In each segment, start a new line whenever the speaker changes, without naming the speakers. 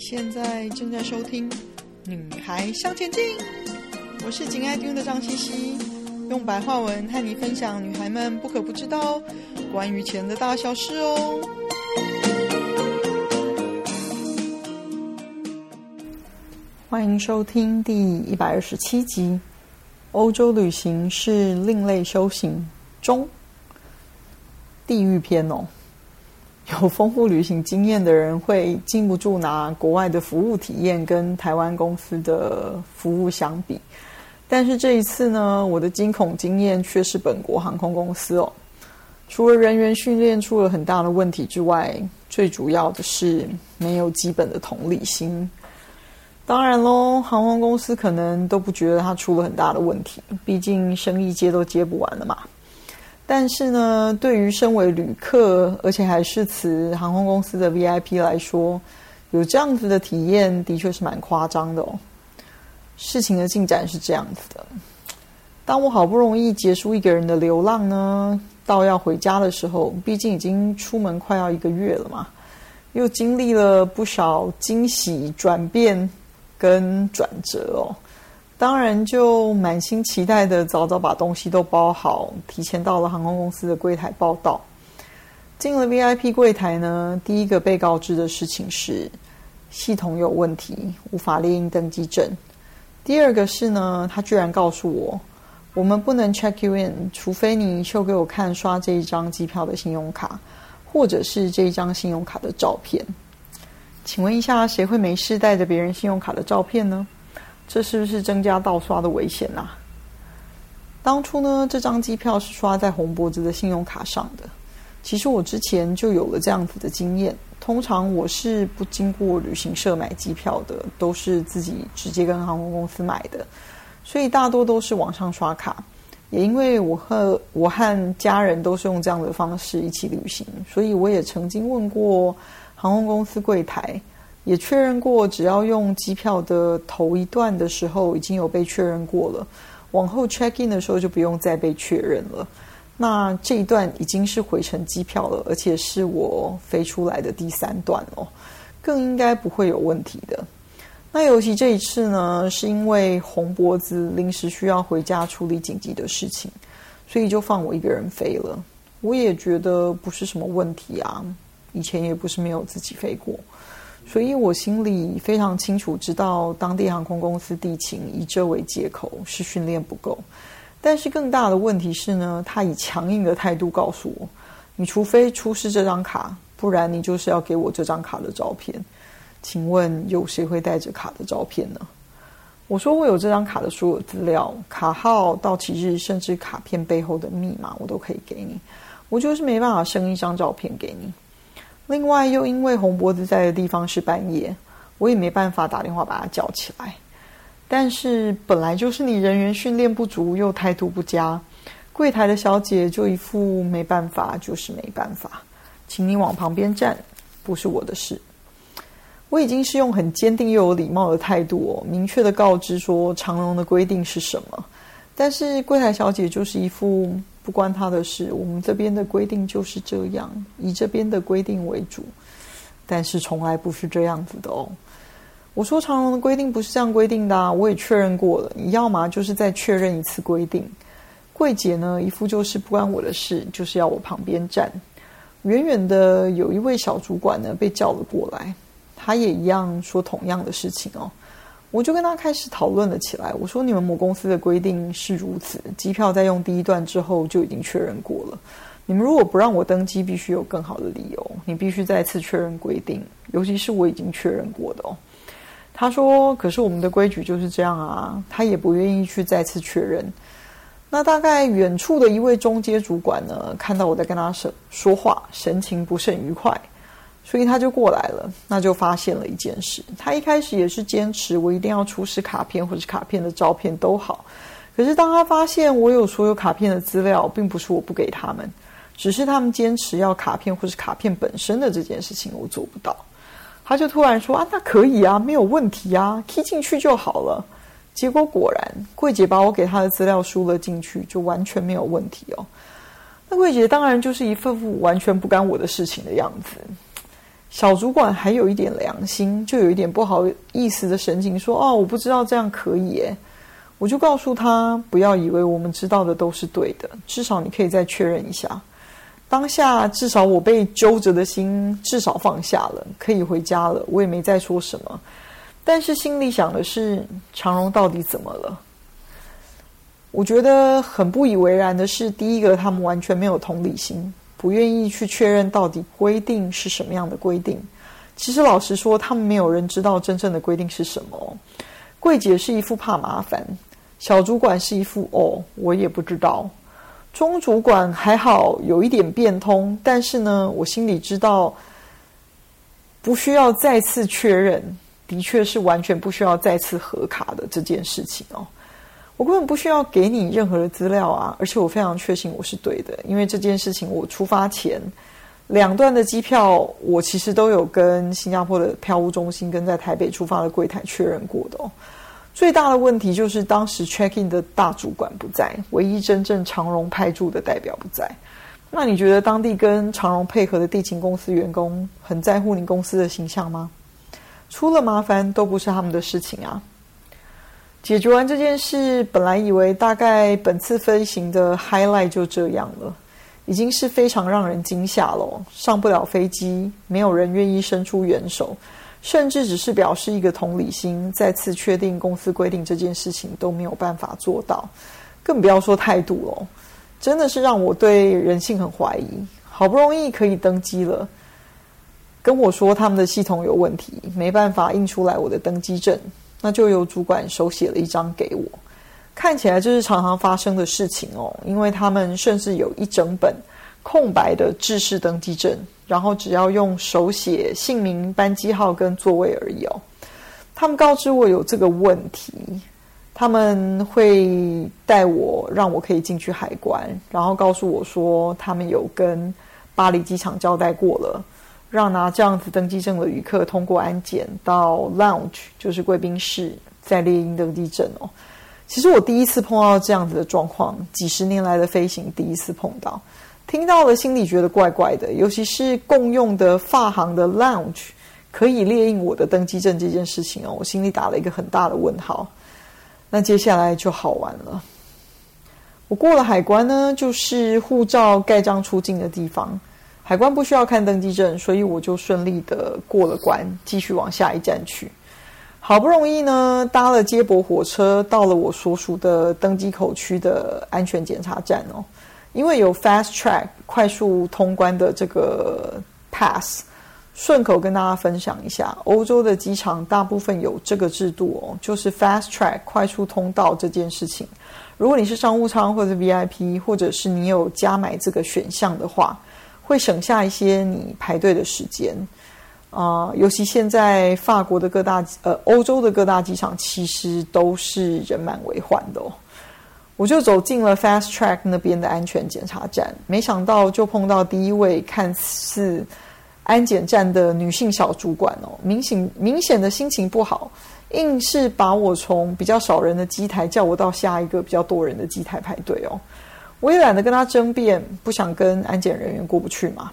現在正在收聽《女孩向前進》，我是緊愛聽的張茜茜，用白話文和你分享女孩們不可不知道關於錢的大小事哦。歡迎收聽第一百二十七集《歐洲旅行是另類修行》中《地獄篇》哦。有豐富旅行經驗的人會禁不住拿國外的服務體驗跟台灣公司的服務相比，但是這一次呢，我的驚恐經驗卻是本國航空公司哦。除了人員訓練出了很大的問題之外，最主要的是沒有基本的同理心。當然嘍，航空公司可能都不覺得它出了很大的問題，畢竟生意接都接不完了嘛。但是呢，對於身為旅客，而且還是此航空公司的 VIP 來說，有這樣子的體驗，的確是蠻誇張的哦。事情的進展是這樣子的，當我好不容易結束一個人的流浪呢，到要回家的時候，畢竟已經出門快要一個月了嘛，又經歷了不少驚喜、轉變跟轉折哦。當然，就滿心期待的早早把東西都包好，提前到了航空公司的櫃檯報到。進了 VIP 櫃檯呢，第一個被告知的事情是系統有問題，無法列印登機證。第二個是呢，他居然告訴我，我們不能 check you in，除非你秀給我看刷這一張機票的信用卡，或者是這一張信用卡的照片。請問一下，誰會沒事帶着別人信用卡的照片呢？這是不是增加盜刷的危險吶、啊？當初呢，這張機票是刷在紅脖子的信用卡上的。其實我之前就有了這樣子的經驗，通常我是不經過旅行社買機票的，都是自己直接跟航空公司買的，所以大多都是網上刷卡。也因為我和我和家人都是用這樣的方式一起旅行，所以我也曾經問過航空公司櫃檯。也確認過，只要用機票的頭一段的時候，已經有被確認過了。往後 check in 的時候就不用再被確認了。那這一段已經是回程機票了，而且是我飛出來的第三段哦，更應該不會有問題的。那尤其這一次呢，是因為紅脖子臨時需要回家處理緊急的事情，所以就放我一個人飛了。我也覺得不是什麼問題啊，以前也不是沒有自己飛過。所以我心裡非常清楚，知道當地航空公司地勤以這為借口是訓練不夠，但是更大的問題是呢，他以強硬的態度告訴我：“你除非出示這張卡，不然你就是要給我這張卡的照片。”請問有誰會帶着卡的照片呢？我說我有這張卡的所有資料，卡號、到期日，甚至卡片背後的密碼，我都可以給你。我就是沒辦法生一張照片給你。另外，又因為紅脖子在的地方是半夜，我也沒辦法打電話把他叫起來。但是，本來就是你人員訓練不足又態度不佳，櫃檯的小姐就一副沒辦法，就是沒辦法，請你往旁邊站，不是我的事。我已經是用很堅定又有禮貌的態度哦，明確的告知說長榮的規定是什麼，但是櫃檯小姐就是一副。不關他的事，我們這邊的規定就是這樣，以這邊的規定為主。但是從來不是這樣子的哦。我說長榮的規定不是這樣規定的啊，我也確認過了。你要麼就是再確認一次規定。櫃姐呢，一副就是不關我的事，就是要我旁邊站。遠遠的有一位小主管呢，被叫了過來，他也一樣說同樣的事情哦。我就跟他開始討論了起來。我說：“你們某公司的規定是如此，機票在用第一段之後就已經確認過了。你們如果不讓我登機，必須有更好的理由。你必須再次確認規定，尤其是我已經確認過的哦。”他說：“可是我們的規矩就是這樣啊。”他也不願意去再次確認。那大概遠處的一位中階主管呢，看到我在跟他說說話，神情不甚愉快。所以他就過來了，那就發現了一件事。他一開始也是堅持我一定要出示卡片，或是卡片的照片都好。可是當他發現我有所有卡片的資料，並不是我不給他們，只是他們堅持要卡片或是卡片本身的這件事情，我做不到。他就突然說：“啊，那可以啊，沒有問題啊，key 進去就好了。”結果果然，櫃姐把我給他的資料輸了進去，就完全沒有問題哦。那櫃姐當然就是一副完全不干我的事情的樣子。小主管還有一點良心，就有一點不好意思的神情，說：“哦，我不知道這樣可以耶。”我就告訴他：“不要以為我們知道的都是對的，至少你可以再確認一下。”當下，至少我被揪着的心至少放下了，可以回家了。我也沒再說什麼，但是心裡想的是：長榮到底怎麼了？我覺得很不以為然的是，第一個他們完全沒有同理心。不願意去確認到底規定是什麼樣的規定，其實老實說，他們沒有人知道真正的規定是什麼。櫃姐是一副怕麻煩，小主管是一副哦，我也不知道。中主管還好有一點變通，但是呢，我心裡知道，不需要再次確認，的確是完全不需要再次核卡的這件事情哦。我根本不需要給你任何的資料啊！而且我非常確信我是對的，因為這件事情我出發前兩段的機票，我其實都有跟新加坡的票務中心跟在台北出發的櫃檯確認過的哦。最大的問題就是當時 check in 的大主管不在，唯一真正長榮派駐的代表不在。那你覺得當地跟長榮配合的地勤公司員工很在乎你公司的形象嗎？出了麻煩都不是他們的事情啊！解決完這件事，本來以為大概本次飛行的 highlight 就這樣了，已經是非常讓人驚嚇了。上不了飛機，沒有人願意伸出援手，甚至只是表示一個同理心，再次確定公司規定這件事情都沒有辦法做到，更不要說態度了。真的是讓我對人性很懷疑。好不容易可以登機了，跟我說他們的系統有問題，沒辦法印出來我的登機證。那就由主管手寫了一張給我，看起來這是常常發生的事情哦。因為他們甚至有一整本空白的制式登記證，然後只要用手寫姓名、班機號跟座位而已哦。他們告知我有這個問題，他們會帶我，讓我可以進去海關，然後告訴我說他們有跟巴黎機場交代過了，讓拿這樣子登機證的旅客通過安檢到 lounge，就是貴賓室，再列印登機證哦。其實我第一次碰到這樣子的狀況，幾十年來的飛行第一次碰到，聽到了心裡覺得怪怪的，尤其是共用的發行的 lounge 可以列印我的登機證這件事情哦，我心裡打了一個很大的問號。那接下來就好玩了，我過了海關呢，就是護照蓋章出境的地方。海關不需要看登機證，所以我就順利的過了關，繼續往下一站去。好不容易呢，搭了接駁火車，到了我所屬的登機口區的安全檢查站哦，因為有 fast track 快速通關的這個 pass，順口跟大家分享一下，歐洲的機場大部分有這個制度哦，就是 fast track 快速通道這件事情。如果你是商務艙或者 VIP，或者是你有加買這個選項的話。會省下一些你排隊的時間，啊、呃，尤其現在法國的各大呃，歐洲的各大機場其實都是人滿為患的哦。我就走進了 Fast Track 那邊的安全檢查站，沒想到就碰到第一位看似安檢站的女性小主管哦，明顯明顯的心情不好，硬是把我從比較少人的機台叫我到下一個比較多人的機台排隊哦。我也懶得跟他爭辯，不想跟安檢人員過不去嘛。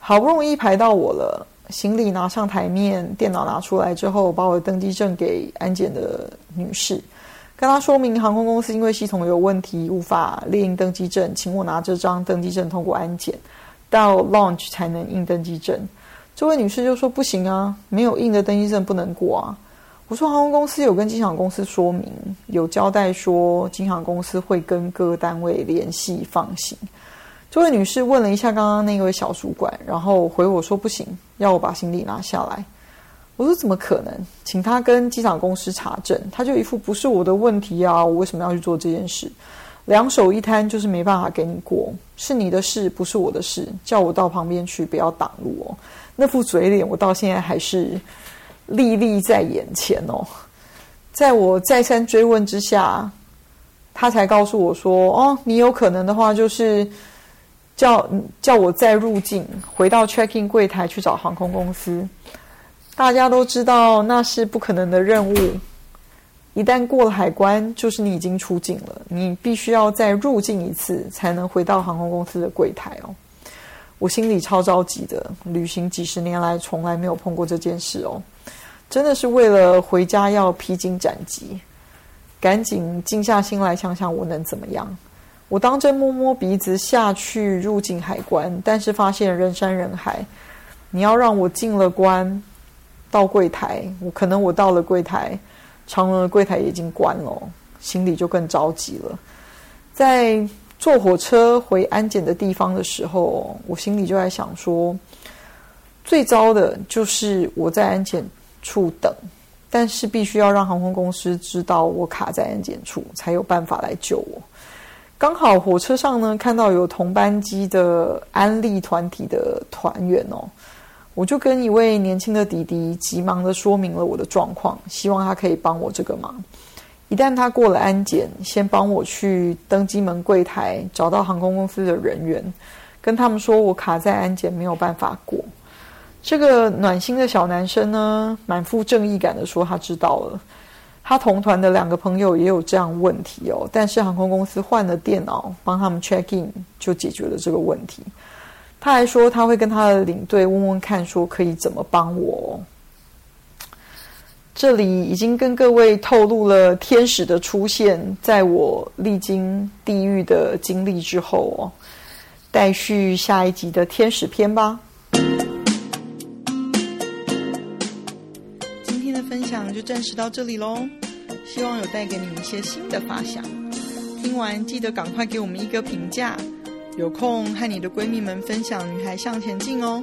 好不容易排到我了，行李拿上台面，電腦拿出來之後，我把我的登機證給安檢的女士，跟她說明航空公司因為系統有問題無法列印登機證，請我拿這張登機證通過安檢到 l a u n c h 才能印登機證。這位女士就說：“不行啊，沒有印的登機證不能過啊。”我說航空公司有跟機場公司說明，有交代說機場公司會跟各個單位聯繫放行。這位女士問了一下剛剛那位小主管，然後回我說不行，要我把行李拿下來。我說怎麼可能？請他跟機場公司查證。他就一副不是我的問題啊，我為什麼要去做這件事？兩手一攤就是沒辦法給你過，是你的事，不是我的事。叫我到旁邊去，不要擋路哦。那副嘴臉，我到現在還是。歷歷在眼前哦，在我再三追問之下，他才告訴我說：“哦，你有可能的話，就是叫叫我再入境，回到 check-in 櫃台去找航空公司。”大家都知道那是不可能的任務。一旦過了海關，就是你已經出境了，你必須要再入境一次，才能回到航空公司的櫃台哦。我心裡超着急的旅行幾十年來從來沒有碰過這件事哦，真的是為了回家要披荊斬棘，趕緊靜下心來想想我能怎麼樣。我當真摸摸鼻子下去入境海關，但是發現人山人海。你要讓我進了關，到櫃檯，我可能我到了櫃檯，長榮的櫃檯已經關了，心裡就更着急了。在坐火車回安檢的地方的時候，我心裡就在想說，最糟的就是我在安檢處等，但是必須要讓航空公司知道我卡在安檢處，才有辦法來救我。剛好火車上呢，看到有同班機的安利團體的團員哦、喔，我就跟一位年輕的弟弟急忙的說明了我的狀況，希望他可以幫我這個忙。一旦他過了安檢，先幫我去登機門櫃檯找到航空公司的人員，跟他們說我卡在安檢沒有辦法過。這個暖心的小男生呢，滿腹正義感的說他知道了，他同團的兩個朋友也有這樣問題哦，但是航空公司換了電腦幫他們 check in 就解決了這個問題。他還說他會跟他的領隊問問看，說可以怎麼幫我哦。這裡已經跟各位透露了天使的出現，在我歷經地獄的經歷之後哦，待續下一集的天使篇吧。今天的分享就暫時到這裡嘍，希望有帶給你一些新的發想。聽完記得趕快給我們一個評價，有空和你的閨蜜們分享《女孩向錢進》哦。